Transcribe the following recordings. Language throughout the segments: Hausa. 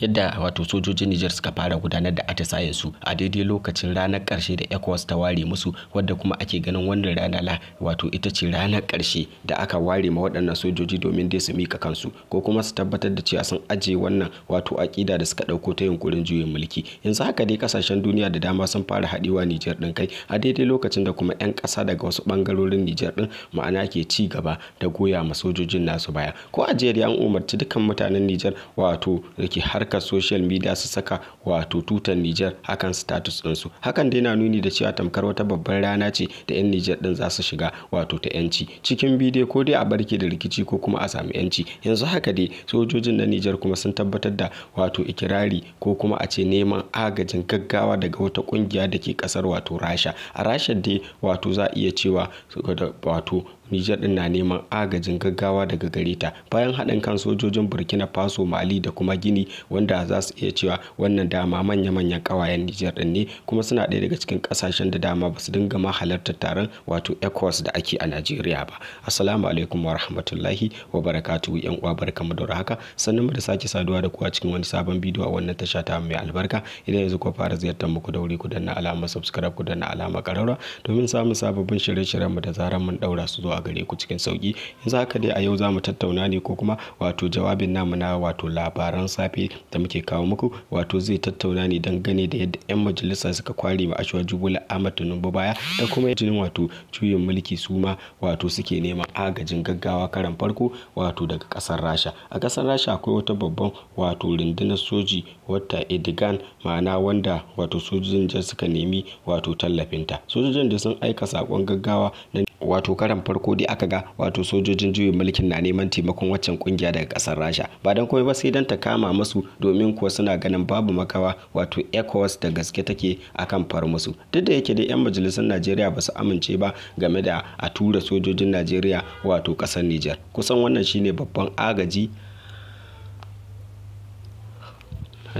yadda wato sojojin Nijar suka fara gudanar da atisayen su a daidai lokacin ranar karshe da ECOWAS ta ware musu wadda kuma ake ganin wannan rana la wato ita ce ranar karshe da aka ware ma waɗannan sojoji domin dai su mika kansu ko kuma su tabbatar da cewa sun aje wannan wato aƙida da suka ɗauko ta yunkurin juyin mulki yanzu haka dai kasashen duniya da dama sun fara haɗewa Nijar ɗin kai a daidai lokacin da kuma 'yan ƙasa daga wasu ɓangarorin Nijar ɗin ma'ana ke ci gaba da goya ma sojojin nasu baya ko a jeriya an umarci dukkan mutanen Nijar wato da ke har harkar social media su saka wato tutar Nijar akan status ɗinsu. Hakan dai na nuni da cewa tamkar wata babbar rana ce da 'yan Nijar ɗin za su shiga wato ta 'yanci. Cikin bidiyo ko dai a barke da rikici ko kuma a sami 'yanci. Yanzu haka dai sojojin na Nijar kuma sun tabbatar da wato ikirari ko kuma a ce neman agajin gaggawa daga wata ƙungiya da ke ƙasar wato Rasha. A Rasha dai wato za a iya cewa wato Nijar din na neman agajin gaggawa daga gare ta bayan haɗin kan sojojin Burkina Faso Mali da kuma Gini wanda za su iya cewa wannan dama manya-manyan ƙawayen Nijar din ne kuma suna ɗaya daga cikin kasashen da dama ba su dinga ma halartar taron wato ECOWAS da ake a Najeriya ba. Assalamu alaikum wa rahmatullahi wa barakatuhu yan uwa barkamu da haka sannan mu da sake saduwa da ku a cikin wani sabon bidiyo a wannan tasha ta mai albarka idan yanzu ku fara ziyartar muku da wuri ku danna alamar subscribe ku danna alamar ƙararwa domin samun sababbin shirye-shiryen mu da zarar mun daura su zuwa a gare ku cikin sauki yanzu haka dai a yau za mu tattauna ne ko kuma wato jawabin namu na wato labaran safe da muke kawo muku wato zai tattauna ne gane da yadda 'yan majalisa suka kware ma ashuwa jubula ahmad tinubu baya da kuma yajin wato juyin mulki su ma wato suke neman agajin gaggawa karan farko wato daga kasar rasha a kasar rasha akwai wata babban wato rundunar soji wata edigan ma'ana wanda wato sojojin jan suka nemi wato tallafinta sojojin da sun aika sakon gaggawa na wato karan farko dai aka ga wato sojojin juyin mulkin na neman taimakon waccan kungiya daga kasar rasha ba don komai ba sai don ta kama masu domin kuwa suna ganin babu makawa wato ecowas da gaske take akan far musu duk da yake dai yan majalisar najeriya ba su amince ba game da a tura sojojin najeriya wato kasar niger kusan wannan shine babban agaji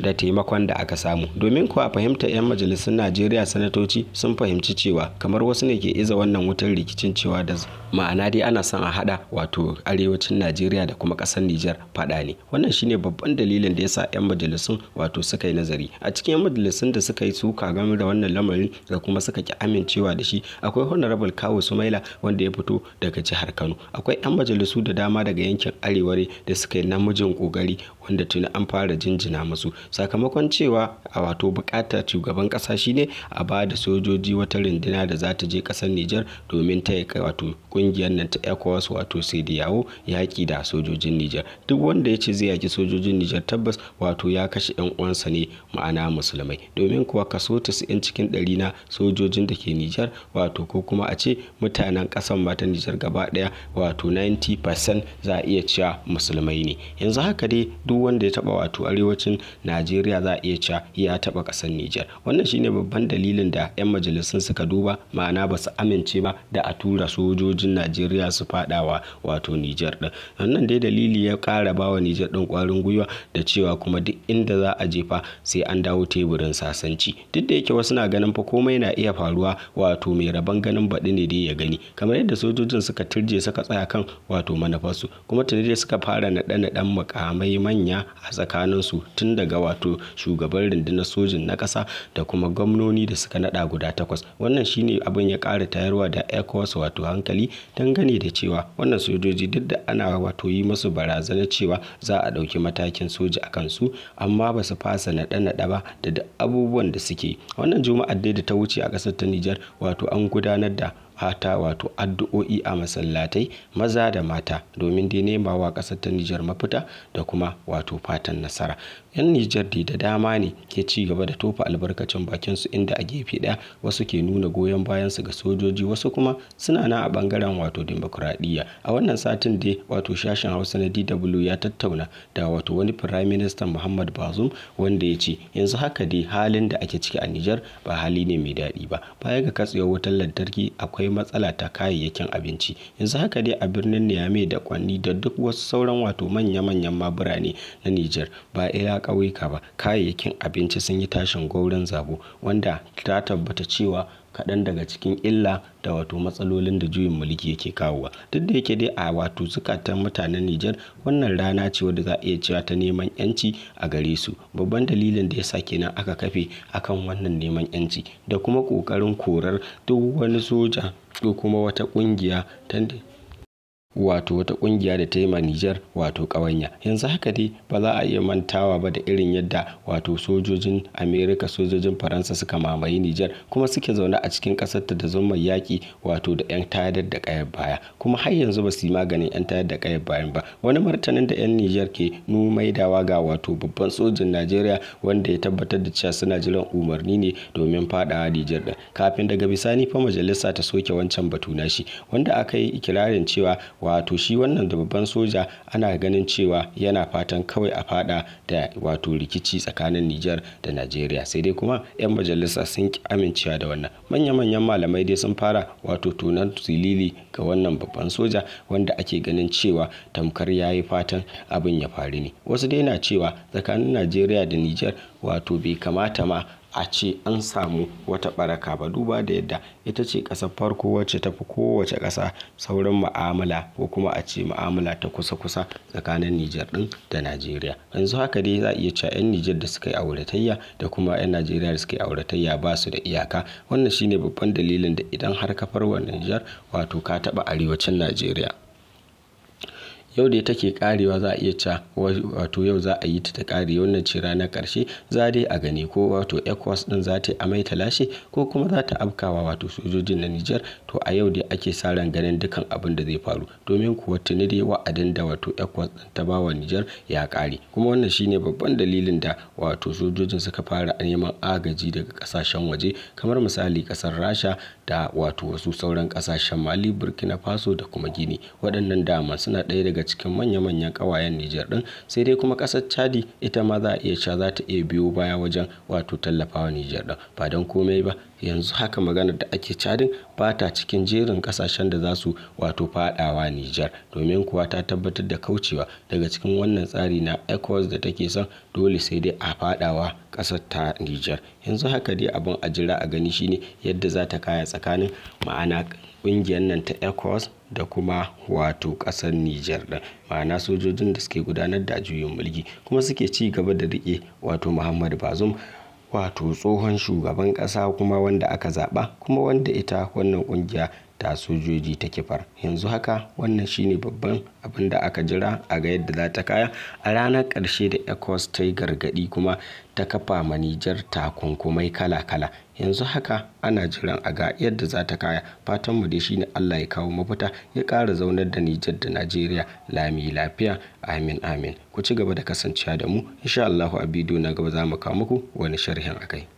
da taimakon da aka samu domin kuwa fahimta 'yan majalisun najeriya sanatoci sun fahimci cewa kamar wasu ne ke iza wannan wutar rikicin cewa da ma'ana dai ana son a hada wato arewacin najeriya da kuma kasar nijar fada ne wannan shine babban dalilin da yasa 'yan majalisun wato suka yi nazari a cikin 'yan majalisun da suka yi suka game da wannan lamarin da kuma suka ki amincewa da shi akwai honorable kawo sumaila wanda ya fito daga jihar kano akwai 'yan majalisu da dama daga yankin arewa da suka yi namijin kokari wanda tuni an fara jinjina musu sakamakon cewa a wato bukatar shugaban kasa shine a ba da sojoji wata rindina da za ta je kasar Nijar domin ta kai wato kungiyar nan ta ECOWAS wato sai da yawo yaƙi da sojojin Nijar duk wanda ya ce zai yaki sojojin Nijar tabbas wato ya kashe yan uwansa ne ma'ana musulmai domin kuwa kaso 90 cikin ɗari na sojojin da ke Nijar wato ko kuma a ce mutanen kasan ta Nijar gaba daya wato 90% za a iya cewa musulmai ne yanzu haka dai duk wanda ya taba wato arewacin na Najeriya za a iya cewa ya taɓa ƙasar Nijar. Wannan shine babban dalilin da 'yan majalisun suka duba ma'ana ba su amince ba da a tura sojojin Najeriya su faɗawa wato Nijar ɗin. Wannan dai dalili ya kara ba wa Nijar ɗin ƙwarin gwiwa da cewa kuma duk inda za a jefa sai an dawo teburin sasanci. Duk da yake wasu na ganin fa komai na iya faruwa wato mai rabon ganin baɗi ne dai ya gani. Kamar yadda sojojin suka turje suka tsaya kan wato manufarsu kuma tunda suka fara naɗe-naɗen mukamai manya a tsakaninsu tun daga wato shugaban rundunar sojin na ƙasa da kuma gwamnoni da suka nada guda takwas wannan shine abin ya ƙara tayarwa da ecowas wato hankali dangane da cewa wannan sojoji duk da ana wato yi musu barazana cewa za a ɗauki matakin soja a kansu amma ba su fasa naɗe-naɗe ba da abubuwan da suke wannan juma'ar dai da ta wuce a ƙasar ta nijar wato an gudanar da fata wato addu'o'i a masallatai maza da mata domin dai nema wa ƙasar ta Nijar mafita da kuma wato fatan nasara. 'Yan Nijar dai da dama ne ke ci gaba da tofa albarkacin bakin su inda a gefe ɗaya wasu ke nuna goyon bayan su ga sojoji wasu kuma suna nan a bangaren wato dimokuraɗiyya. A wannan satin dai wato shashin Hausa na DW ya tattauna da wato wani Firayim Ministan Muhammad bazum wanda ya ce yanzu haka dai halin da ake ciki a Nijar ba hali ne mai daɗi ba. Baya ga katsewar wutar lantarki akwai akwai matsala ta kayayyakin abinci yanzu haka dai a birnin niyame da kwanni da duk wasu sauran wato manya-manyan ma birane na niger ba iya eh, ƙauyuka ba kayayyakin abinci sun yi tashin gwaurin zabo wanda ta tabbata cewa kaɗan daga cikin illa da wato matsalolin da juyin mulki yake kawowa duk da yake dai a wato zukatan mutanen Nijar wannan rana ce wadda za a iya cewa ta neman yanci a gare su babban dalilin da ya sa kenan aka kafe akan wannan neman yanci da kuma kokarin korar duk wani soja ko kuma wata kungiya ta wato wata kungiya da ta yi ma Nijar wato ƙawanya yanzu haka dai ba za a iya mantawa ba da irin yadda wato sojojin Amerika sojojin Faransa suka mamaye Nijar kuma suke zaune a cikin kasarta ta da zumar yaki wato da 'yan tayar da kayan baya kuma har yanzu ba su yi maganin 'yan tayar da kayan bayan ba wani martanin da 'yan Nijar ke maidawa ga wato babban sojin Najeriya wanda ya tabbatar da cewa suna jiran umarni ne domin fadawa Nijar din kafin daga bisani fa majalisa ta soke wancan batu na shi wanda aka yi ikirarin cewa wato shi wannan da babban soja ana ganin cewa yana fatan kawai a fada da wato rikici tsakanin Nijar da Najeriya sai dai kuma 'yan majalisa sun ki amincewa da wannan manya-manyan malamai dai sun fara wato tunan silili ga wannan babban soja wanda ake ganin cewa tamkar ya yi fatan abin ya faru ne wasu dai na cewa tsakanin Najeriya da Nijar wato bai kamata ma a ce an samu wata baraka ba duba da yadda ita ce ƙasar farko wacce tafi kowace kasa sauran ma'amala ko kuma a ce ma'amala ta kusa-kusa tsakanin Nijar ɗin da Najeriya yanzu haka dai za a iya cewa 'yan Nijar da suka yi auratayya da kuma 'yan Najeriya da suka yi auratayya ba su da iyaka wannan shine babban dalilin da idan har ka farwa Nijar wato ka taɓa arewacin Najeriya. yau dai take karewa za a iya ca wato yau za a yi ta kare wannan ce ranar karshe za dai a gani ko wato ecowas din za ta amai ta lashe ko kuma za ta afkawa wato sojojin na nijar to a yau dai ake sa ran ganin dukan abin da zai faru domin kuwa tuni dai wa'adin da wato ecowas din ta bawa nijar ya kare kuma wannan shine babban dalilin da wato sojojin suka fara neman agaji daga kasashen waje kamar misali kasar rasha da wato wasu sauran kasashen mali burkina faso da kuma gini waɗannan dama suna ɗaya daga cikin manya-manyan ƙawayen Nijar ɗin sai dai kuma ƙasar Chadi ita ma za a iya cewa za ta iya biyo baya wajen wato tallafawa Nijar ɗin ba don komai ba yanzu haka maganar da ake cadin ba ta cikin jerin kasashen da za su wato fadawa Nijar domin kuwa ta tabbatar da kaucewa daga cikin wannan tsari na ECOWAS da take son dole sai dai a fadawa ƙasar ta Nijar. Yanzu haka dai abin a jira a gani shine yadda za ta kaya tsakanin ma'ana ƙungiyar nan ta ECOWAS da kuma wato ƙasar Nijar ɗin ma'ana sojojin da suke gudanar da juyin mulki kuma suke ci gaba da riƙe wato Muhammad Bazoum wato tsohon shugaban ƙasa kuma wanda aka zaba kuma wanda ita wannan ƙungiya da sojoji ta kifar yanzu haka wannan shine babban abin da aka jira a ga yadda za ta kaya a ranar karshe da ecos ta yi gargaɗi kuma ta kafa manijar takunkumai kala-kala yanzu haka ana jiran a ga yadda za ta kaya fatan fatanmu da shine allah ya kawo mafita ya ƙara zaunar da nijar da najeriya lami lafiya amin amin ku ci gaba da kasancewa da mu insha allahu a bidiyo na gaba za mu kawo muku wani sharhin akai